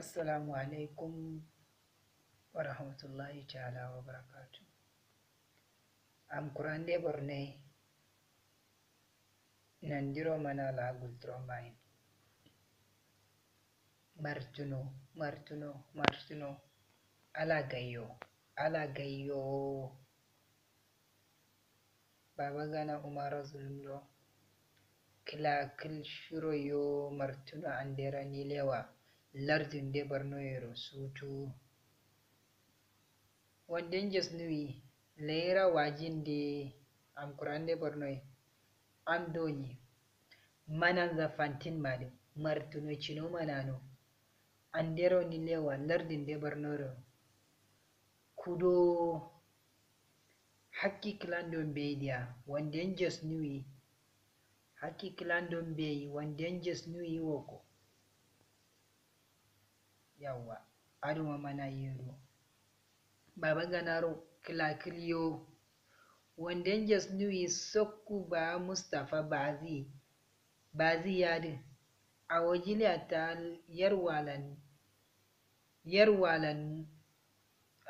Assalamu alaikum wa rahmatullahi ta'ala wa barakatu. Am kurande borne nandiro mana lagul tromain. Martuno, martuno, martuno. Ala gayyo, ala gayyo. Baba gana umara zulmlo. Kila kil yo martuno andera nilewa. lewa. lardin de bornoero sutu wonɗen gesnui leyra wajinde am kurande bornoe am doñi mananza fantin mali martuno cino manano andero ni lewa lardin de bornoero kuɗo beidia beydiya wonɗen gesnui hakkikilandon beidia wonɗen gesnui woko yawwa aduma mana yero babaga naro kilakiliyo wanda jas new is sokku ba mustapha bazi bazi yadin a wajiliya ta yarwalan yarwalan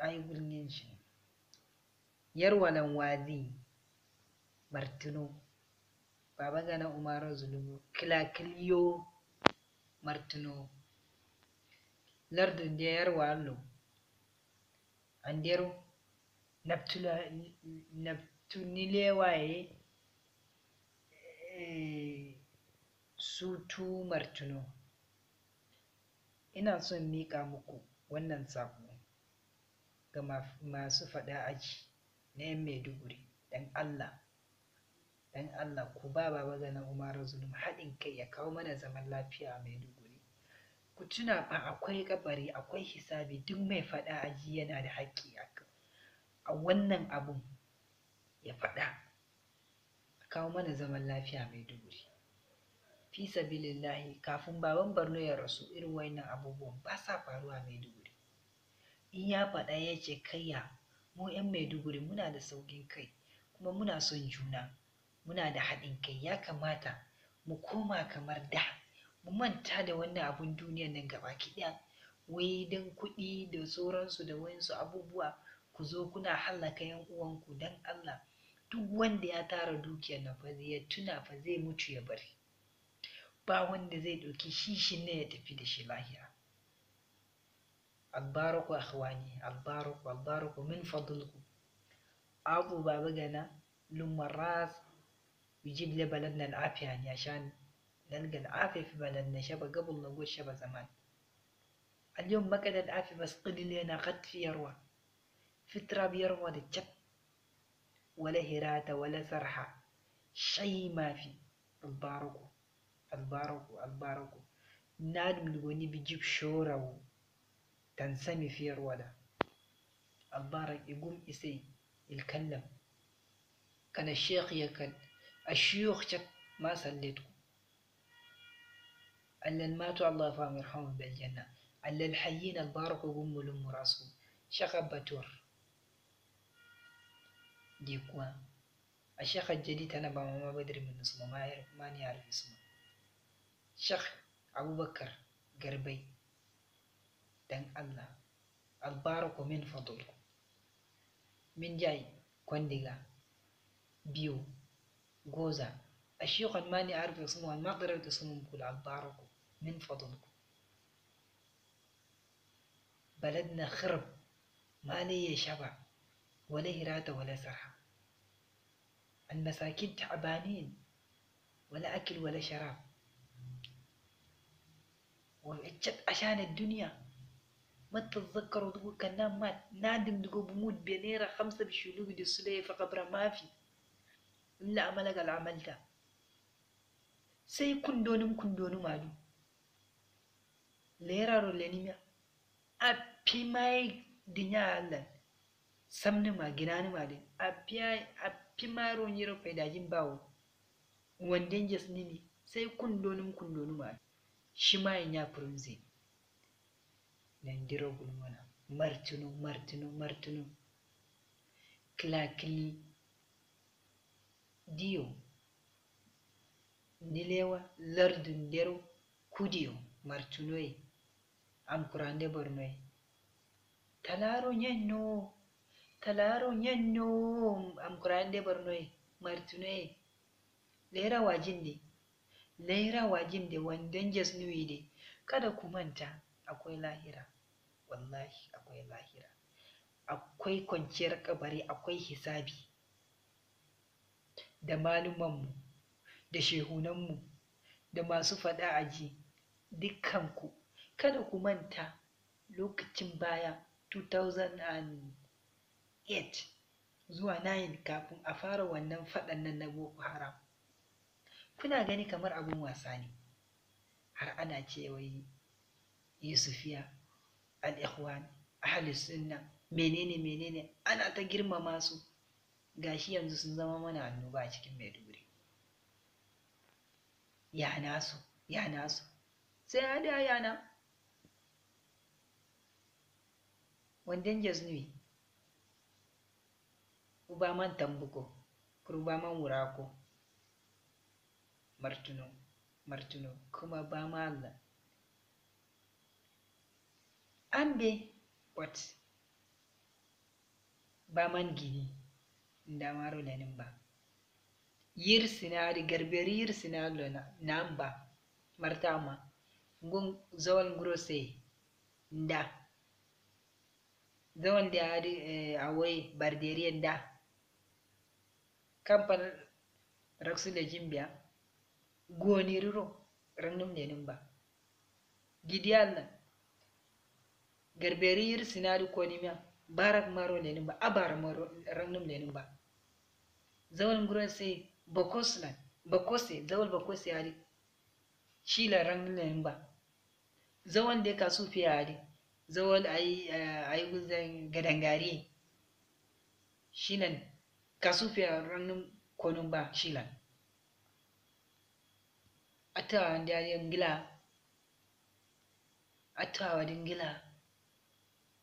aibulgin shi yarwalan wazi martino baba gana umaru zulumu kilakiliyo martino lardu ndiyar wallo anderu neptunile waye e, sutu martuno ina son miƙa muku wannan saƙo ga masu faɗa aji na 'yan maiduguri dan allah dan allah ku ba baba gana umaru zulum haɗin kai ya kawo mana zaman lafiya a maiduguri ku tuna ba akwai kabari akwai hisabi duk mai faɗa aji yana da haƙƙi a wannan abun ya faɗa kawo mana zaman lafiya mai duri fi sabilillahi kafin baban barno ya rasu irin wannan abubuwan ba sa faruwa mai Maiduguri in ya faɗa ya ce kayya mu 'yan Maiduguri muna da saukin kai kuma muna son juna muna da haɗin kai ya kamata mu koma kamar da mu manta da wannan abun duniyan nan gaba ɗaya wai don kuɗi da sauransu da wayansu abubuwa ku zo kuna hallaka yan uwanku don Allah duk wanda ya tara dukiyar na fa ya tuna fa zai mutu ya bari ba wanda zai ɗauki shishin ne ya tafi da shi lahira albaraku akhwani albaraku albaraku min fadlku abu baba gana lumaras yujib labalan nan a ya shani dan gan afif balan na shaba gabul na go shaba zaman al yom makadan afif bas qidil yana qat fi yarwa fitra bi yarwa da chat wala hirata wala sarha shay ma fi albaraku albaraku albaraku nadim goni bi jib shorawu dan sami fi yarwa da albarak igum isai il kallam kana sheikh yakal ashiyukh chat ma sallitku allal matu allah fa yarhamu bil janna allal hayyin al baraku gummulum murasu shaka batur di kuwa a shaka jadi tana ba mama badri min nusma ma yar mani yar nusma shak abubakar garbai dan allah al baraku min fadl min jai kwandiga biyu goza a الشيخ الماني عارف يصمم المقدرة يصمم كل albaraku. من فضلكم بلدنا خرب ما لي شبع ولا إرادة ولا سرعة المساكين تعبانين ولا أكل ولا شراب وعجت عشان الدنيا ما تتذكروا تقول كان مات نادم تقول بموت بنيرة خمسة بيشيلوه يدسوا لي في قبره ما في إلا عملك العمل ده سيكون دونم كن دونم مالو leraru lenimia appimai dinya allan samnima ginanima den appimairo nyiro paydajin bawo wanden jes nini sai kundonum kundonuma shimayen ya purumze nandiro gulmona martinu martinu martinu klakli diyo nilewa lardun dero kudiyo martinoye Ankuraande e? talaro nyenno talaro nyenno am kurande Bornoy e? martinoy e? lera wajinde lera wajinde wandon jasni nuide kada ku manta akwai lahira wallahi akwai lahira akwai kwanciyar kabari akwai hisabi da malumanmu da shehunanmu da masu faɗa aji dukkanku kada ku manta lokacin baya 2008 zuwa 9 kafin a fara wannan faɗan nan na boko haram kuna gani kamar abin wasa ne har ana cewai yusufiya al-ikhwan ahli sunna menene menene ana ta girmama su gashi yanzu sun zama mana annoba a cikin maiduguri ya nasu ya nasu sai ya yana tambu ko ubaman tambuko kurbaman wurako martuno martuno kuma ba ma allah ambe ba man gini ndamaro lenin ba yir sinari garberi yir sinari na namba martama gun zawal ngurose nda ya adi eh, a woyi barderiyen da kampal raksule jimbiya goniriro rannum nenin ba gidi allah garberi yir sinari konimiya barak maro nenin ba abara maro rannum nenin ba zawal nguro sai bokoslan bokose zawal bokose ari shila rannum nenin ba zawan da fiye sufi ari zo a yi guzan gadangare shilan kasufiya ranar konun ba shi tawa atawa ndarin gila atawa gila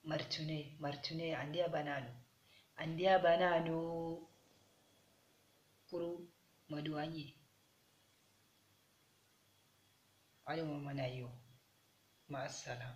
martune martune andiya banano andiya banano kuru yi. ayo mana yo ma'asala.